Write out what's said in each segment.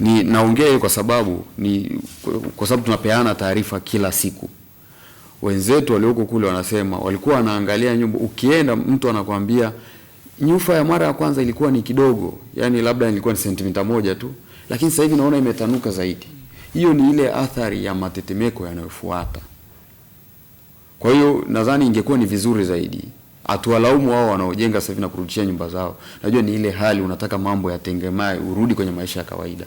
Ni naongea hiyo kwa sababu ni kwa sababu tunapeana taarifa kila siku. Wenzetu walioko kule wanasema walikuwa wanaangalia nyumba, ukienda mtu anakwambia nyufa ya mara ya kwanza ilikuwa ni kidogo, yani labda ilikuwa ni sentimita moja tu, lakini sasa hivi naona imetanuka zaidi. Hiyo ni ile athari ya matetemeko yanayofuata. Kwa hiyo nadhani ingekuwa ni vizuri zaidi atuwalaumu wao wanaojenga sasa hivi na kurudishia nyumba zao. Najua ni ile hali, unataka mambo yatengemae, urudi kwenye maisha ya kawaida.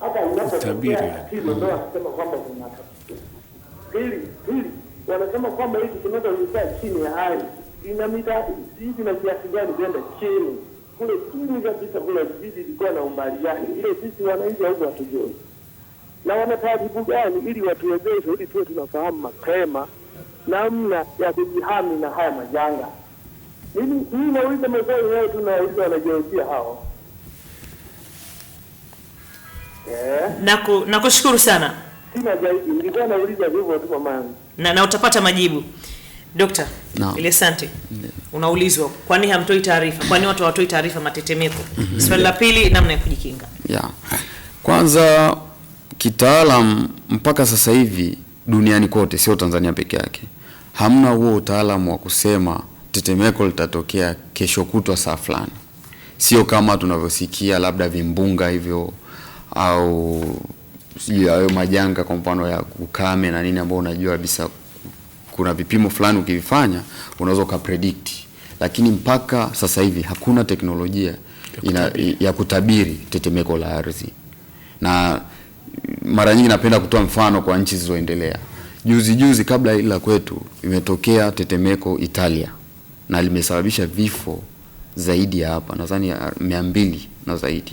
hata unapotabiri mm. kwamba kuna pili pili, wanasema kwamba hizi tunazoisaa chini ya ardhi ina mita hizi na kiasi gani kwenda chini kule chini kabisa, kuna vijiji ilikuwa na umbali gani, ile sisi wananchi au watujue na wana taratibu gani, ili watuwezeshe, ili tuwe tunafahamu mapema namna ya kujihami na haya majanga. Mimi mimi nauliza maswali hayo, tunauliza wanajiolojia hao Eh? na kushukuru sana. Sina zaidi, nilikuwa nauliza hivyo tu mama. Na, na utapata majibu Dokta no. Ile sante yeah. Unaulizwa kwani hamtoi taarifa, kwani watu hawatoi taarifa matetemeko? mm -hmm. Swali la pili, namna ya kujikinga yeah. Kwanza kitaalam mpaka sasa hivi duniani kote, sio Tanzania peke yake, hamna huo utaalamu wa kusema tetemeko litatokea kesho kutwa saa fulani, sio kama tunavyosikia labda vimbunga hivyo au sijui hayo majanga kwa mfano ya ukame na nini, ambao unajua kabisa kuna vipimo fulani ukivifanya unaweza ukapredict, lakini mpaka sasa hivi hakuna teknolojia ina, ya kutabiri, ya kutabiri tetemeko la ardhi. Na mara nyingi napenda kutoa mfano kwa nchi zilizoendelea. Juzi juzi kabla ila kwetu imetokea tetemeko Italia na limesababisha vifo zaidi ya hapa nadhani mia mbili na zaidi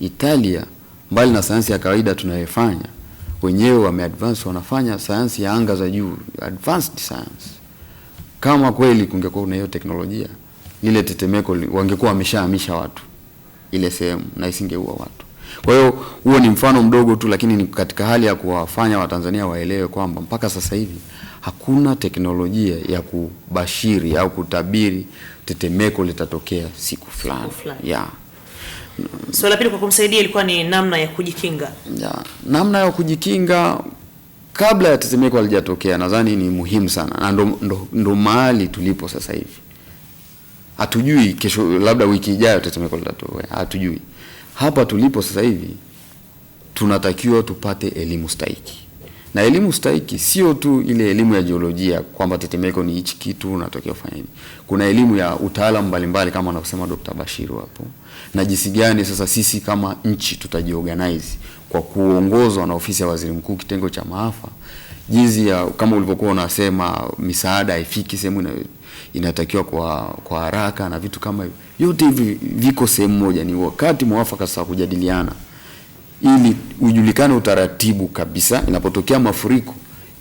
Italia mbali na sayansi ya kawaida tunayofanya wenyewe, advance, wanafanya sayansi ya anga za juu, advanced science. Kama kweli kungekuwa kuna hiyo teknolojia, lile tetemeko wangekuwa wameshahamisha watu ile sehemu na isingeua watu. Kwa hiyo huo ni mfano mdogo tu, lakini ni katika hali ya kuwafanya Watanzania waelewe kwamba mpaka sasa hivi hakuna teknolojia ya kubashiri au kutabiri tetemeko litatokea siku fulani, siku fulani. Yeah. Swala so, pili kwa kumsaidia ilikuwa ni namna ya kujikinga ya, namna ya kujikinga kabla ya tetemeko alijatokea nadhani ni muhimu sana, na ndo, ndo, ndo mahali tulipo sasa hivi. Hatujui kesho, labda wiki ijayo tetemeko litatokea, hatujui. Hapa tulipo sasa hivi tunatakiwa tupate elimu stahiki na elimu stahiki sio tu ile elimu ya jiolojia kwamba tetemeko ni hichi kitu unatokea kufanya hivi. Kuna elimu ya utaalamu mbalimbali kama anavyosema Dr. Bashiru hapo, na jinsi gani sasa sisi kama nchi tutajiorganize kwa kuongozwa na ofisi ya waziri mkuu kitengo cha maafa, jinsi ya kama ulivyokuwa unasema misaada haifiki sehemu ina, inatakiwa kwa kwa haraka na vitu kama hivyo. Yote hivi viko sehemu moja, ni wakati mwafaka sasa kujadiliana ili ujulikane utaratibu kabisa. Inapotokea mafuriko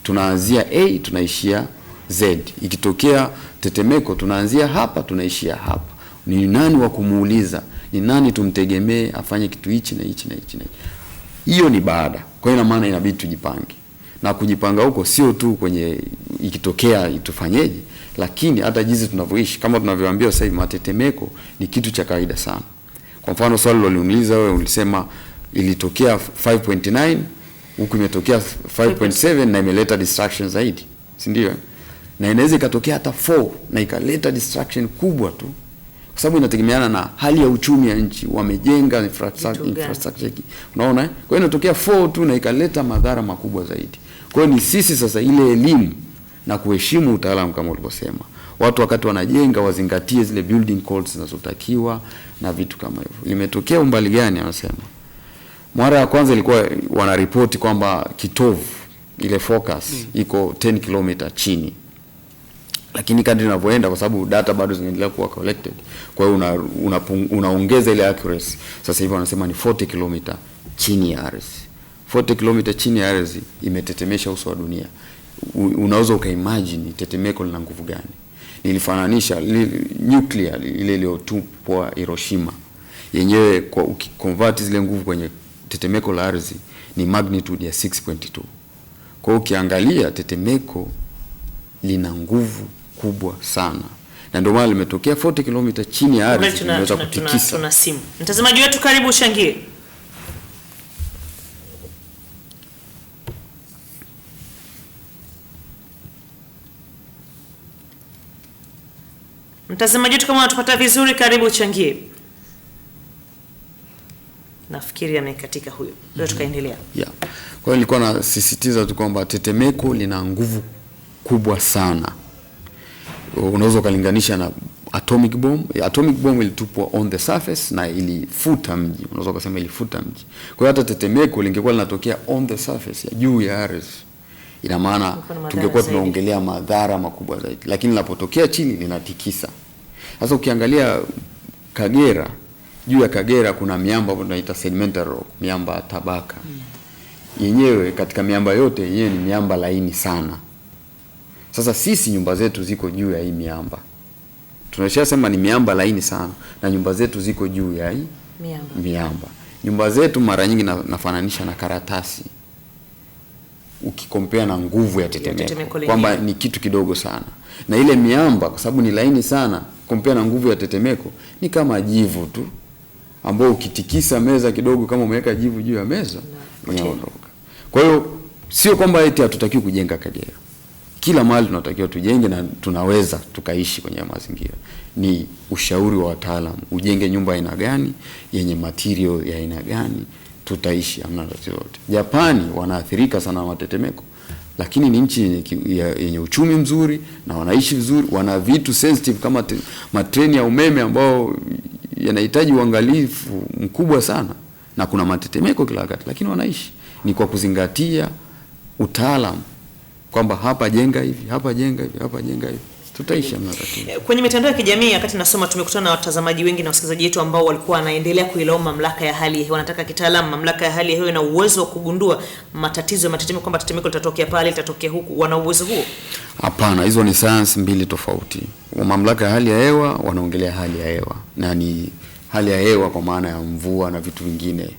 tunaanzia A tunaishia Z, ikitokea tetemeko tunaanzia hapa tunaishia hapa. Ni nani wa kumuuliza? Ni nani tumtegemee afanye kitu hichi na hichi na hichi na hichi? Hiyo ni baada. Kwa hiyo ina maana inabidi tujipange, na kujipanga huko sio tu kwenye ikitokea itufanyeje, lakini hata jinsi tunavyoishi. Kama tunavyoambiwa sasa hivi, matetemeko ni kitu cha kawaida sana. Kwa mfano swali loliniuliza wewe ulisema ilitokea 5.9 huku imetokea 5.7 na imeleta distraction zaidi, si ndio? Na inaweza ikatokea hata 4 na ikaleta distraction kubwa tu, kwa sababu inategemeana na hali ya uchumi ya nchi, wamejenga infrastructure, infrastructure. Unaona, kwa hiyo inatokea 4 tu na ikaleta madhara makubwa zaidi. Kwa hiyo ni sisi sasa, ile elimu na kuheshimu utaalamu kama ulivyosema, watu wakati wanajenga wazingatie zile building codes zinazotakiwa na vitu kama hivyo. Limetokea umbali gani, anasema mara ya kwanza ilikuwa wanaripoti kwamba kitovu ile focus mm. iko 10 km chini, lakini kadri inavyoenda, kwa sababu data bado zinaendelea kuwa collected, kwa hiyo unaongeza una, una ile accuracy. Sasa hivi wanasema ni 40 km chini ya ardhi. 40 km chini ya ardhi imetetemesha uso wa dunia. Unaweza ukaimagine tetemeko lina nguvu gani? Nilifananisha li, nuclear ile iliyotupwa Hiroshima yenyewe, kwa ukikonvert zile nguvu kwenye tetemeko la ardhi ni magnitude ya 6.2. Kwa hiyo ukiangalia tetemeko lina nguvu kubwa sana na ndio maana limetokea 40 km chini ya ardhi inaweza kutikisa. Tuna simu mtazamaji wetu, karibu ushangie. Mtazamaji wetu, kama unatupata vizuri, karibu uchangie nafikiri amekatika huyo. mm -hmm. Tukaendelea yeah. Kwa hiyo nilikuwa nasisitiza tu kwamba tetemeko lina nguvu kubwa sana, unaweza ukalinganisha na atomic bomb. Atomic bomb ilitupwa on the surface na ilifuta mji, unaweza ukasema ilifuta mji. Kwa hiyo hata tetemeko lingekuwa linatokea on the surface, ya juu ya ardhi, ina maana tungekuwa tunaongelea madhara makubwa zaidi, lakini linapotokea chini linatikisa. Sasa ukiangalia Kagera juu ya Kagera kuna miamba ambayo tunaita sedimentary rock, miamba tabaka mm. yenyewe katika miamba yote yenyewe ni miamba laini sana. Sasa sisi nyumba zetu ziko juu ya hii miamba, tunashasema ni miamba laini sana, na nyumba zetu ziko juu ya hii miamba, miamba. Nyumba zetu mara nyingi na, nafananisha na karatasi ukikompea na nguvu ya tetemeko kwamba ni kitu kidogo sana, na ile miamba kwa sababu ni laini sana, kompea na nguvu ya tetemeko ni kama jivu tu. mm ambao ukitikisa meza kidogo, kama umeweka jivu juu ya meza inaondoka. Kwa hiyo sio kwamba eti hatutakiwi kujenga Kagera, kila mahali tunatakiwa tujenge na tunaweza tukaishi kwenye mazingira. Ni ushauri wa wataalamu, ujenge nyumba aina gani, yenye material ya aina gani, tutaishi, hamna tatizo Japani wanaathirika sana na matetemeko lakini ni nchi yenye, yenye uchumi mzuri na wanaishi vizuri, wana vitu sensitive kama matreni ya umeme ambao yanahitaji uangalifu mkubwa sana, na kuna matetemeko kila wakati, lakini wanaishi ni kwa kuzingatia utaalamu kwamba hapa jenga hivi, hapa jenga hivi, hapa jenga hivi tutaisha matatizo. Eh, kwenye mitandao ya kijamii, wakati nasoma, tumekutana na watazamaji wengi na wasikilizaji wetu ambao walikuwa wanaendelea kuilaumu mamlaka ya hali ya hewa. Wanataka kitaalamu mamlaka ya hali ya hewa ina uwezo wa kugundua matatizo ya matetemeko, kwamba tetemeko litatokea pale, litatokea huku. Wana uwezo huo? Hapana, hizo ni sayansi mbili tofauti. Mamlaka ya hali ya hewa wanaongelea hali ya hewa na ni hali ya hewa kwa maana ya mvua na vitu vingine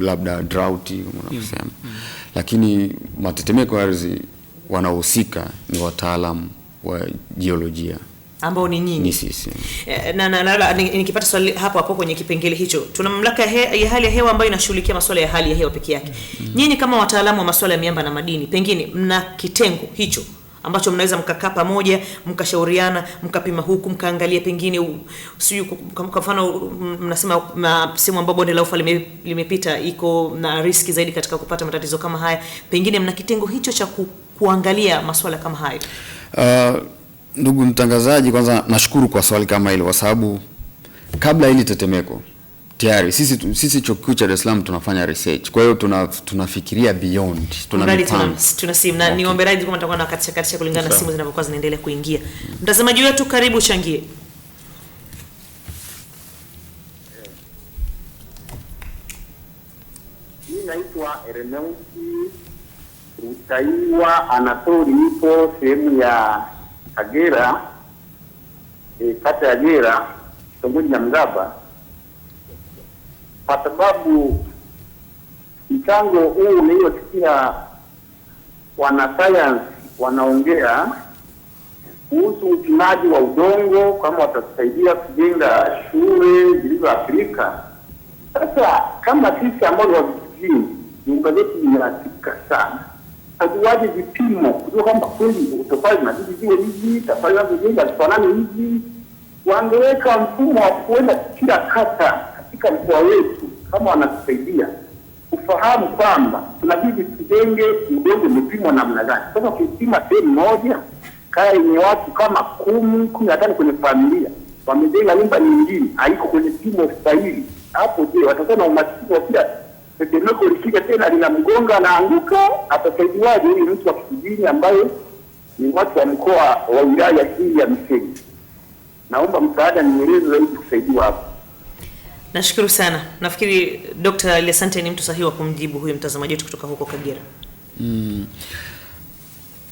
labda drought unavyosema, mm. mm. Lakini matetemeko ya ardhi wanaohusika ni wataalamu wa jiolojia ambao ni nyinyi sisi. Eh, na na labda nikipata swali hapo hapo kwenye kipengele hicho, tuna mamlaka ya ya hali ya hewa ambayo inashughulikia masuala ya hali ya hewa peke yake. mm -hmm. Nyinyi kama wataalamu wa masuala ya miamba na madini, pengine mna kitengo hicho ambacho mnaweza mkakaa pamoja mkashauriana mkapima huku mkaangalia pengine sijui kwa mfano mnasema sehemu ambayo bonde la ufa lime, limepita iko na riski zaidi katika kupata matatizo kama haya, pengine mna kitengo hicho cha ku, kuangalia masuala kama hayo. Uh, ndugu mtangazaji, kwanza nashukuru kwa swali kama hilo, kwa sababu kabla hili tetemeko tayari sisi, sisi chuo kikuu cha Dar es Salaam tunafanya research, kwa hiyo tuna tunafikiria beyond, tuna tuna simu na niombe radhi kama mtakuwa na katika katika kulingana na simu zinavyokuwa zinaendelea kuingia. Mtazamaji wetu karibu changie. Mimi naitwa Ereneusi Mtaiwa Anatoli ipo sehemu ya Kagera e, kata ya Gera kitongoji ya Mgaba, kwa sababu mchango huu unaiyosikia wanasayansi wanaongea kuhusu upimaji wa udongo, kama watatusaidia kujenga shule zilizoathirika. Sasa kama sisi ambao ni wa vijijini, nyumba zetu zimeathirika sana utajuaje vipimo kujua kwamba kweli tofali ziwe hivi, tofali zinazojenga zifanane hivi. Wangeweka mfumo wa kuenda kila kata katika mkoa wetu, kama wanatusaidia kufahamu kwamba tunabidi tujenge, udongo umepimwa namna gani. Sasa ukipima sehemu moja, kaya yenye watu kama kumi kumi na tano kwenye familia wamejenga nyumba nyingine, haiko kwenye pimo stahili, hapo je, watakuwa na umasikini wa kila tetemeko lifika tena linamgonga anaanguka, atasaidiwaje huyu mtu wa kijijini ambaye ni watu wa mkoa wa wilaya hii ya Missenyi? Naomba msaada, nieleze zaidi kusaidiwa hapo. Nashukuru sana. Nafikiri Dr. lesante ni mtu sahihi wa kumjibu huyu mtazamaji wetu kutoka huko Kagera. mm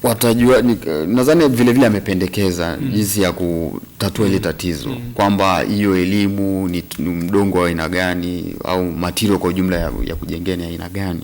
watajua nadhani vile vile amependekeza mm. jinsi ya kutatua mm. ile tatizo mm. kwamba hiyo elimu ni, ni mdongo wa aina gani au matirio kwa ujumla ya, ya kujengea ni aina gani